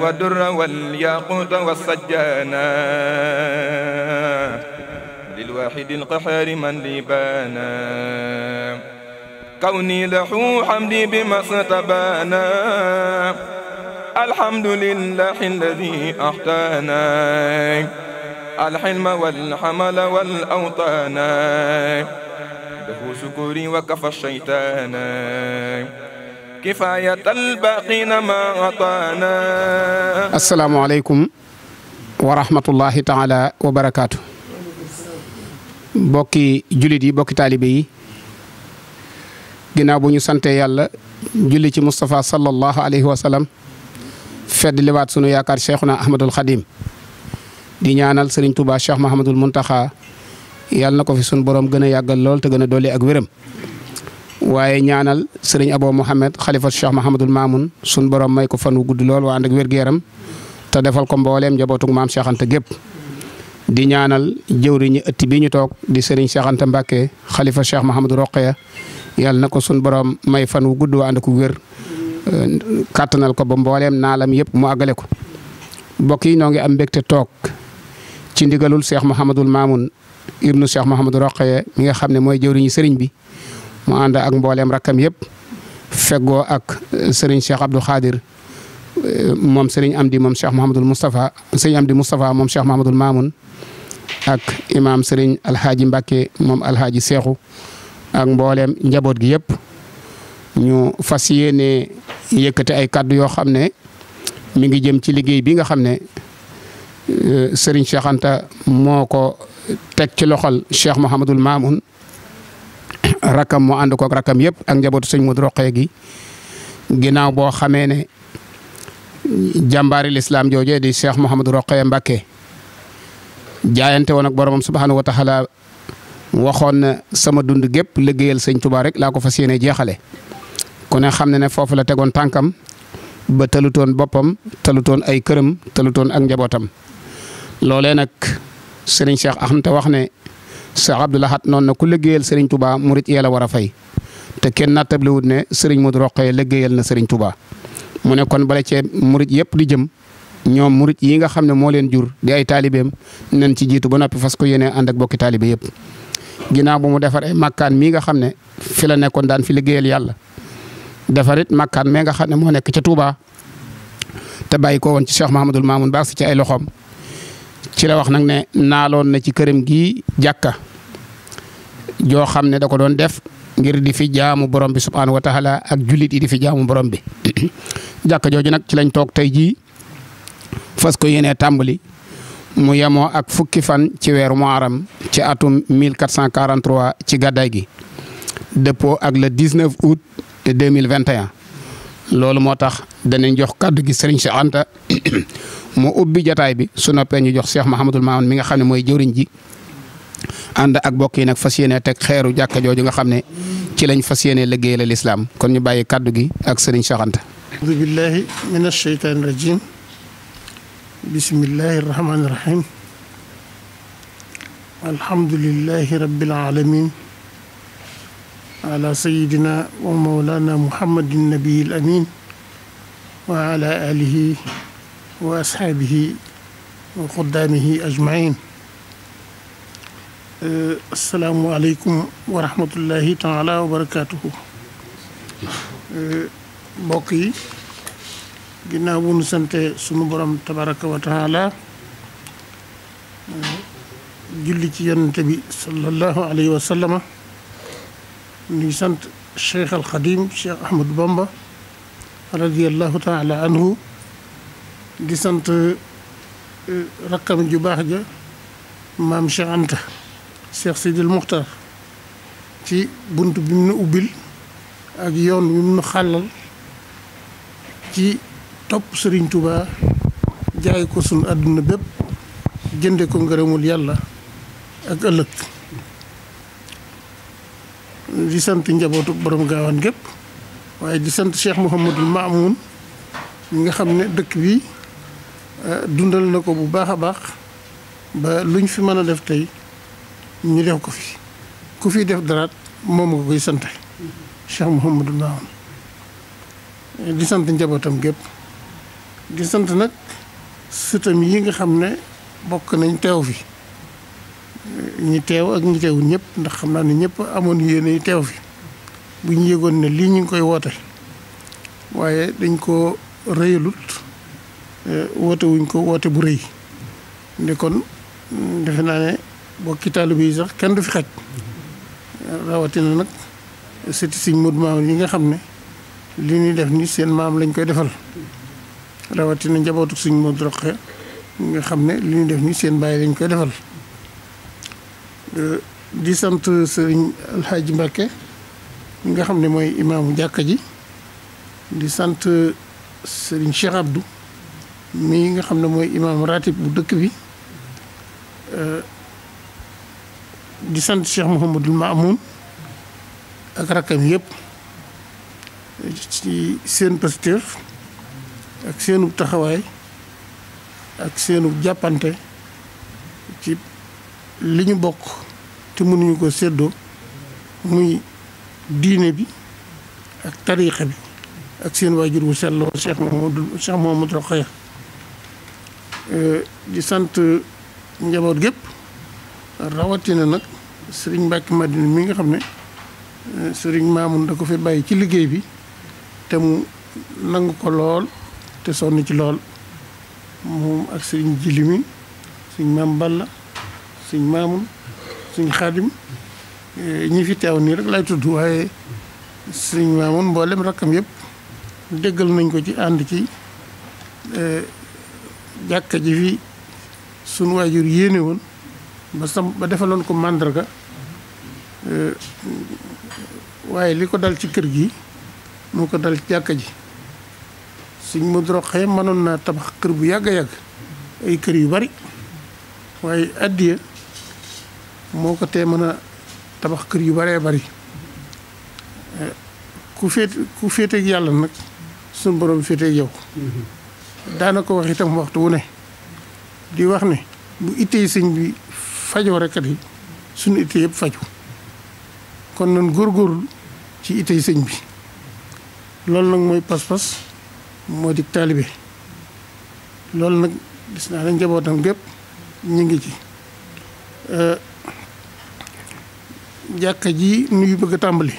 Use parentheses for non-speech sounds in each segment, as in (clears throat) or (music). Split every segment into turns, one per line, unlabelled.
والدر والياقوت والسجانا للواحد القحار من لي بانا كوني لحو حمدي بما ستبانا الحمد لله الذي أحتانا الحلم والحمل والأوطانا له شكري وكفى الشيطانا kifayatal baqina ma atana
assalaamu aleykum wa rahmatullahi wa barakaatu bokki jullit yi bokki taalibe yi ginnaaw bu ñu sante yàlla julli ci Moustapha sallallahu alayhi wa fedd liwaat sunu yaakaar cheikhuna ahmadul xadim di ñaanal sëriñ Touba Cheikh Mahamadul Muntaxa yàlla na ko fi sunu borom gën a yàggal lool te gën a dolli ak wéram waaye ñaanal sëriñ Abo Mohamed xalifa Cheikh Mahamadul Mamoun sun borom may ko fan wu gudd lool waa ànd ak wér-gu-yaram te defal ko mbooleem njabootug maam Cheikh Anta gépp di ñaanal jëwriñu ëtt bi ñu toog di sëriñ Cheikh Anta xalifa Cheikh Mahamadou Roqeya yàlla na ko sun borom may fan wu gudd waa ànd ak wér euh, kàttanal ko ba mbooleem naalam yëpp mu àggale ko mbokk yi ñoo ngi am mbégte toog ci ndigalul Cheikh Mahamadul Mamoun ibnu Cheikh Mahamadou Roqeya mi nga xam ne mooy jëwriñu sëriñ bi. mu ànd ak mbooleem rakkam yëpp feggoo ak euh, sëriñ Cheikh Abdou Khadir euh, moom sëriñ Amdi moom Cheikh Mouhamadul Moustapha sëriñ Amdi Moustapha moom Cheikh Mouhamadul Mamoun ak imaam sëriñ Alhaji Mbacke moom Alhaji Seexu ak mbooleem njaboot gi yëpp ñu fas yéene yëkkati ay kàddu yoo xam ne mi ngi jëm ci liggéey bi nga xam ne euh, sëriñ Cheikh moo ko teg ci loxol Cheikh Mouhamadul Mamoun rakkam mu ànd kook rakkam yëpp ak njabootu sëñ Modou Rokhaya gi ginnaaw boo xamee ne jàmbaari lislaam jooje di Cheikh Mouhamadou Rokhaya Mbacké jaayante woon ak boromam subhanahu wa taala waxoon na sama dund gépp liggéeyal sëñ Touba rek laa ko fa yéene jeexale kon ne xam ne ne foofu la tegoon tànkam ba talutoon boppam talutoon ay këram talutoon ak njabootam loolee nag sëriñ Cheikh Ahmed Cheikh Abdou Lahad noonu na ku liggéeyal Serigne Touba murit yee la war a fay te kenn nattable wut ne Serigne Modou Rokhaya mu ne kon bala cee murit yëpp di jëm ñoom murit yi nga xam ne moo leen jur di ay taalibeem nañ ci jiitu ba noppi fas ko yéene ànd ak bokki taalibe yëpp. ginnaaw ba mu defaree ay makkaan mii nga xam ne fi la nekkoon daan fi liggéeyal yàlla defarit it makkaan mee nga xam ne moo nekk ca Touba te bàyyi ko woon ci Cheikh Mahamadul Mamoun Ba ci ay loxoom ci la wax nag ne naaloon na ci këram gii joo xam ne dako doon def ngir di fi jaamu borom bi subhaanahu wa taala ak jullit yi di fi jaamu borom bi (clears throat) jàkka jooju nag ci lañ toog tey jii fas ko yéenee tàmbali mu yemoo ak fukki fan ci weeru muharram ci atum 1443 ci gàddaay gi dëppoo ak le mille vingt 2021 loolu moo tax danañ jox kàddu gi sëriñ Cheikh Anta (clears throat) mu ubbi jataay bi su noppee ñu jox Cheikh Mahamadul Mamoun mi nga xam ne mooy jëwriñ ji ànd ak bokk yi nag fas yéene teg xeeru jàkka jooju nga xam ne ci lañ fas yéene liggéey la lislaam kon ñu bàyyi kàddu gi ak sëriñ Cheikh Anta
audu min asheytaani rajim bismillahi rahmaani rahim alhamdulilahi rabbil alamin ala sayidina wa mawlana muhammadin nabiyil wa ala wa ashaabihi wa quddaamihi ajmain Euh, asalaamualeykum wa rahmatullahi taala wa barakaatuhu euh, mbokk yi ginnaaw bu nu sante sunu borom tabaraka wa taala euh, julli ci yonente bi sallallahu alayhi wa sallama nuy sant cheikh alxadim cheikh ahmadou bamba radiallahu taala anhu di sant rakkam ju baax ja maam cheikh anta Cheikh Sidil Muxtar ci bunt bi mu nu ubbil ak yoon bi mu nu xàllal ci topp Sëriñ Tuubaa jaay ko sunu àdduna bépp jënde ko ngërëmul yàlla ak ëllëg di sant njabootu borom gaawaan gépp waaye di sant Cheikh Mouhamadul Maamoun mi nga xam ne dëkk bi eh, dundal na ko bu baax a baax ba luñ fi mën a def tey ñu def ko fi ku fiy def daraat moom nga koy sant Cheikh Mouhamadou Maam di sant njabootam gépp di sant nag sëtam yi nga xam ne bokk nañ teew fi ñu teew ak ñu teewul ñëpp ndax xam naa ne ñëpp amoon yéene teew fi bu ñu yëgoon ne lii ñu ngi koy woote waaye dañ ko rëyalut eh, woote wuñ ko woote bu rëy nde kon defe naa ne bokki taalibe yi sax kenn du fi xaj rawatina nag sëti siñ Modou Mamoune yi nga xam ne li ñuy def ni seen maam lañ koy defal rawatina njabootu suñ Modou Rokhaya nga xam ne li ñuy def ni seen bàyyi lañ koy defal euh, di sant sëriñ Alxaaji Mbàkke mi nga xam ne mooy imaamu jàkka ji di sant sëriñ Cheikh Abdou mi nga xam ne mooy imaam ratib bu dëkk bi euh, di sant Cheikh Mouhamadul Maamoun ak rakkam yëpp ci seen positif ak seenu taxawaay ak seenu jàppante ci li ñu bokk te mënuñu ko seddoo muy diine bi ak tariixa bi ak seen waajur wu selloo Cheikh Mouhamadul Cheikh Mouhamadul Rokhaya euh, di sant njaboot gépp rawatina nag sëriñ Mbàkke màddin mi nga xam ne euh, sëriñ Maamun da ko fi bàyyi ci liggéey bi te mu nangu ko lool te sonn ci lool moom ak sëriñ Jili mi sëriñ Maam Balla sëriñ maamu suñ Xaadim euh, ñi fi teew nii rek lay tudd waaye sëriñ Maamun mboolem rakkam yëpp déggal nañ ko ci ànd ci euh, jàkka ji fi sunu waajur yéene woon ba sam ba defaloon ko màndarga euh, waaye li ko dal ci kër gi moo ko dal ci jàkka ji suñ mu droxee mënoon naa tabax kër bu yàgg yàgg ay kër yu bari waaye addiya moo ko tee mën a tabax kër yu baree bari ku féet ku féeteeg yàlla nag suñ borom féeteeg yow mm-hmm. daana ko wax itam waxtu wu ne di wax ne bu ittee sëñ bi fajoo rek di suñu itte yëpp faju kon nan góorgóorlu ci ittey sëñ bi loolu nag mooy pas-pas moo di taalibe loolu nag gis naa ne njabootam gépp ñu ngi ci euh, jàkka ji nuyu bëgg a tàmbali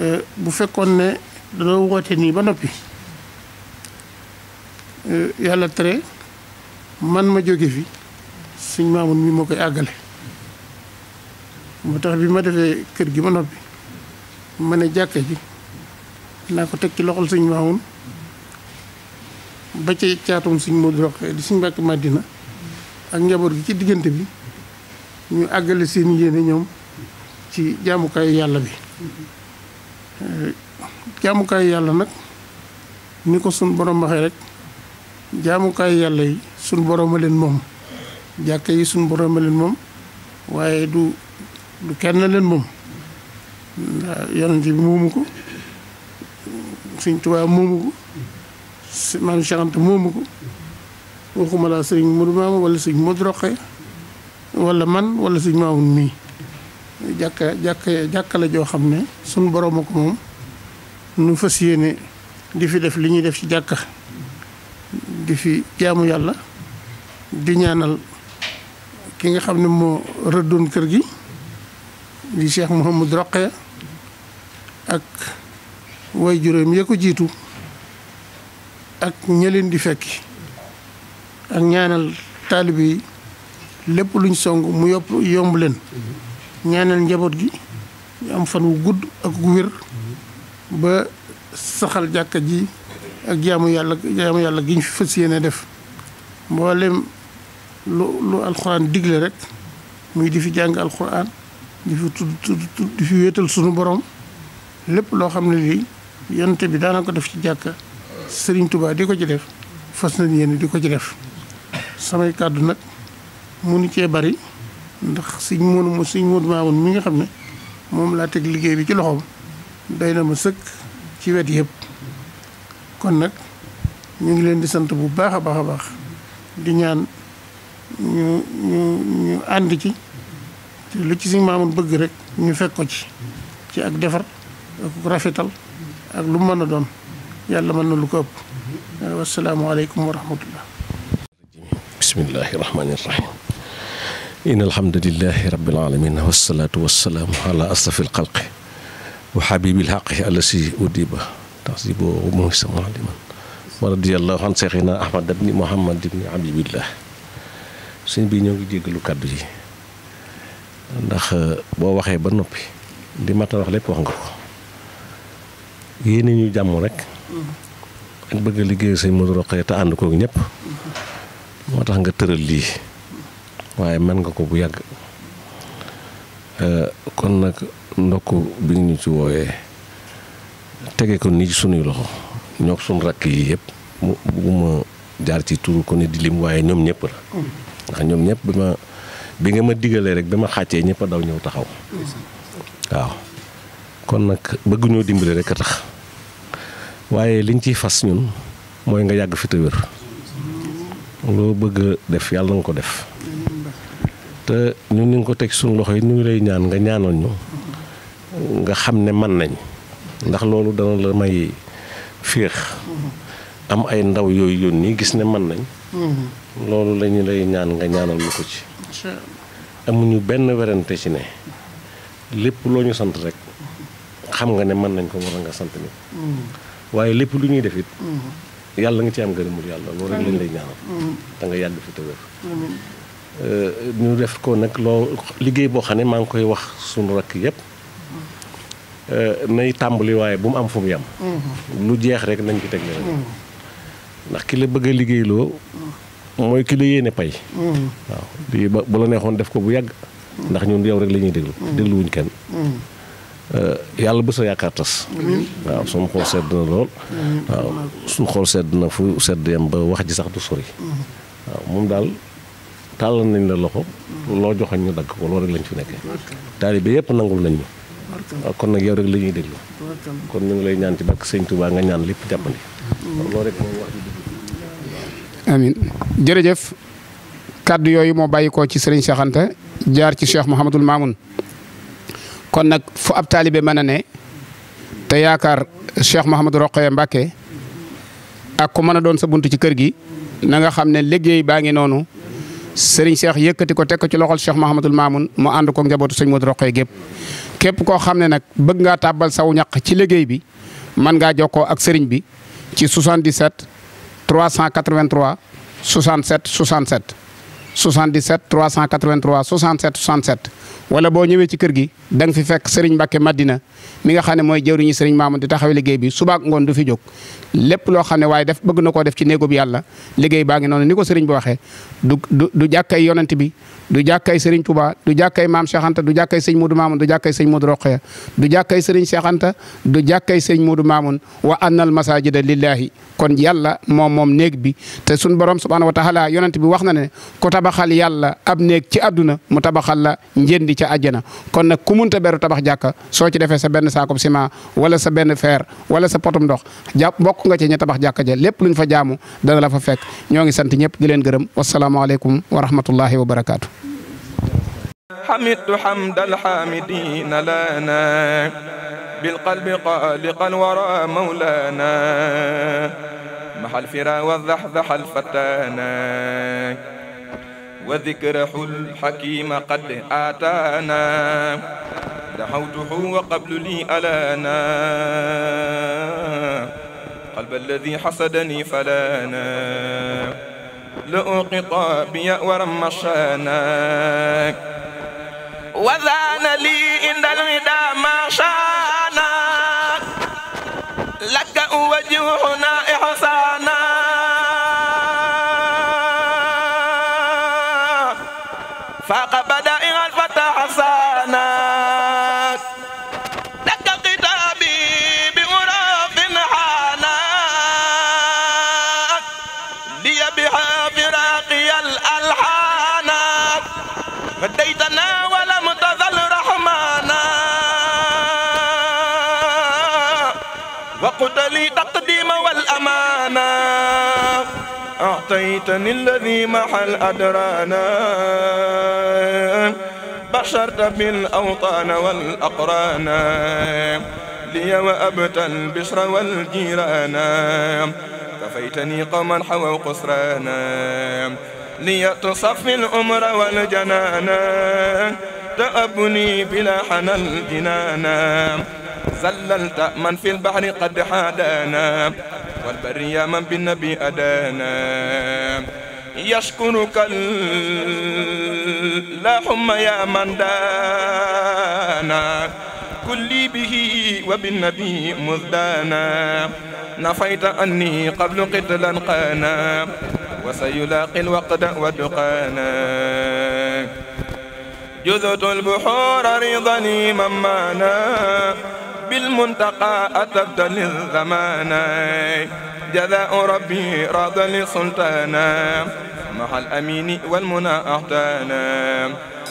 euh, bu fekkoon ne dañoo woote nii ba noppi euh, yàlla tere man ma jóge fi suñ maamun ni ma koy àggale moo tax bi ma defee kër gi ma noppi ma ne jàkka ji naa ko teg ci loxol suñ maamun ba ci caatum suñ Moodu Roqe di suñ Mbàkke Madina ak njaboot gi ci diggante bi ñu àggale seen yéene ñoom ci jaamukaayu yàlla bi jaamukaayu yàlla nag ni ko sun borom waxee rek jaamukaayu yàlla yi sun borom a leen moom jàkka yi suñu borom leen moom waaye du du kenn leen moom yonent bi moomu ko Sëñ Tuubaa moomu ko maam Cheikh Anta moomu ko waxuma laa sëriñ Modou Maama wala sëñ Modou walla man wala sëñ Maamun mii jàkka jàkka jàkka la joo xam ne suñu borom ak moom nu fas yéene di fi def li ñuy def ci jàkka di fi jaamu yàlla di ñaanal ki nga xam ne moo rëddoon kër gi di Cheikh Mouhamad Roqe ak way juróom ya ko jiitu ak ña di fekki ak ñaanal taalibe lépp luñ song mu yopp yomb leen ñaanal njaboot gi ñu am fan wu gudd ak gu ba saxal jàkka ji ak jaamu yàlla jaamu yàlla gi ñu fi fas yéene def mboolem lu lu alxuraan digle rek muy di fi jàng alxuraan di fi tudd tudd di fi wéetal sunu borom lépp loo xam ne lii yonte bi daana ko def ci jàkka sëriñ Touba di ko ci def fas nañ yéen di ko ci def samay kàddu nag munu cee bari ndax suñ mënu mu suñ mënu maa woon mi nga xam ne moom laa teg liggéey bi ci loxoom day na ma sëkk ci wet yëpp kon nag ñu ngi leen di sant bu baax a baax a baax di ñaan ñu ñu ànd ci lu ci suñu maamoon bëgg rek ñu fekk ko ci ci ak defar ak rafetal ak lu mën a doon yàlla mën na lu ko ëpp wasalaamualeykum wa rahmatullah
bismillahi rahmaani rahim in alhamdulilahi rabbil alamin wasalaatu wasalaamu ala asrafi alxalqi wa xabibil xaqi allasi udiba tasibo wa muhisa mualiman wa radiallahu an cheikhina ahmad ibni muhammad ibni abibillah sëñ bi ñoo ngi jéggalu kàddu yi ndax euh, boo waxee ba noppi di mat a wax lépp wax nga ko yéene ñu jàmm rek ak mm-hmm. bëgg a liggéey sëñ Modou Rokhaya te ànd koog ñëpp mm-hmm. moo tax nga tëral lii waaye mën nga ko bu yàgg euh, kon nag ndokk bi ñu ci wooyee tege ko nii ci sunuy loxo ñoo suñ rakk yi yëpp bu jaar ci turu ko ni di lim waaye ñoom ñëpp la mm-hmm. ndax ñoom ñëpp bi ma bi nga ma digalee rek bi ma xàccee ñëpp daw ñëw taxaw waaw kon nag bëgguñoo dimbali rek a tax waaye liñ ciy fas ñun mooy nga yàgg fi loo bëgg def yàlla nga ko def te ñun ñu ngi ko teg suñu loxo yi ñu ngi ñaan nga ñaanal ñu nga xam ne man nañ ndax loolu dana la may féex am ay ndaw yooyu yónni gis ne man nañ mm-hmm. loolu lañu lay ñaan nga ñaanal lu ko ci amuñu benn werante ci ne lépp loo ñu sant rek xam nga ne mën nañ ko war nga sant ni mm-hmm. waaye lépp lu ñuy def it
mm-hmm.
yàlla nga ci am gërëmul yàlla loolu rek lañ lay ñaanal da nga yàgg fi te wér euh, ñu def ko nag loo liggéey boo xam ne maa ngi koy wax suñu rakk yépp euh, nay tàmbali waaye bu mu am fu mu yem lu jeex rek nañ ci teg leneen ndax ki la bëgg a liggéeyloo mooy ki la yéene pay waaw lii ba bu la neexoon def ko bu yàgg ndax ñun yow rek lañuy ñuy déglu dégluwuñ kenn euh, yàlla bu sa yaakaar tas waaw sama xool sedd na lool waaw su xool sedd na fu sedd yam ba wax ji sax du sori waaw moom daal tàllal nañ la loxo loo joxoñ ñu dagg ko loolu rek lañ fi nekkee taalibe yépp nangul nañ kon nag yow rek la ñuy déglu kon ñu ngi lay ñaan ci barke Sëñ Touba nga ñaan lépp jàppandi loolu jërëjëf
kàddu yooyu moo bàyyi ko ci sëriñ Cheikh jaar ci Cheikh Mouhamadul Mamoun kon nag fu ab taalibee mën a ne te yaakaar Cheikh Mouhamadou Rokhaya Mbacké ak ku mën a doon sa bunt ci kër gi nanga xam ne liggéey baa ngi noonu sëriñ Cheikh yëkkati ko teg ko ci loxol Cheikh Mouhamadul Mamoun mu ànd ko njabootu sëñ Modou Rokhaya gépp képp koo xam ne nag bëgg ngaa tàbbal saw ñaq ci liggéey bi mën ngaa jokkoo ak sëriñ bi ci 77 383 67 67 77 383 67 67 wala boo ñëwee ci kër gi da nga fi fekk Serigne Mbacke Madina mi nga xam ne mooy jëwriñu Serigne Mamoun di taxawee liggéey bi subaak ngoon du fi jóg lépp loo xam ne waaye def bëgg na koo def ci néegu bi yàlla liggéey baa ngi noonu ni ko Serigne bi waxee du du du jàkkay yonent bi du jàkkay Serigne Touba du jàkkay Maam Cheikh Anta du jàkkay Serigne Modou Mamoun du jàkkay Serigne du jàkkay Serigne Cheikh Anta du jàkkay Serigne Modou Mamoun wa annal masajida lillahi kon yàlla moom moom néeg bi bi wax tabaxal yàlla ab néeg ci àdduna mu tabaxal la njëndi ca àjjana kon nag ku munta beru tabax jàkka soo ci defee sa benn saakub ciment wala sa benn feer wala sa potum ndox jàpp bokk nga ci ña tabax jàkka ja lépp luñ fa jaamu dana la fa fekk ñoo ngi sant ñëpp di leen gërëm wasalaamaaleykum wa rahmatullahi wa barakaatu.
حمدت حمد الحامدين لنا بالقلب قالقا ورا مولانا محى الفرا والذحذح الفتانا وذكره الحكيم قد آتانا دعوته وقبل لي ألانا قلب الذي حسدني فلانا لأقطع بي ورمشانا وذان لي إن الوداع ما شانا لك أوجهنا أحسن الذي محل أدرانا بشرت بالأوطان والأقرانا لي وأبت البشر والجيرانا كفيتني قما حوى قسرانا لي تصفي الأمر والجنانا تأبني بلا حنى الجنانا زللت من في البحر قد حادانا والبر يا من بالنبي أدانا يشكرك اللهم يا من دانا كل به وبالنبي مزدانا نفيت أني قبل قتلا قانا وسيلاقي الوقت ودقانا جذت البحور رضني ممانا بالمنتقى أتبت للزمان جزاء ربي راض لسلطانا مع الأمين والمنى أحتانا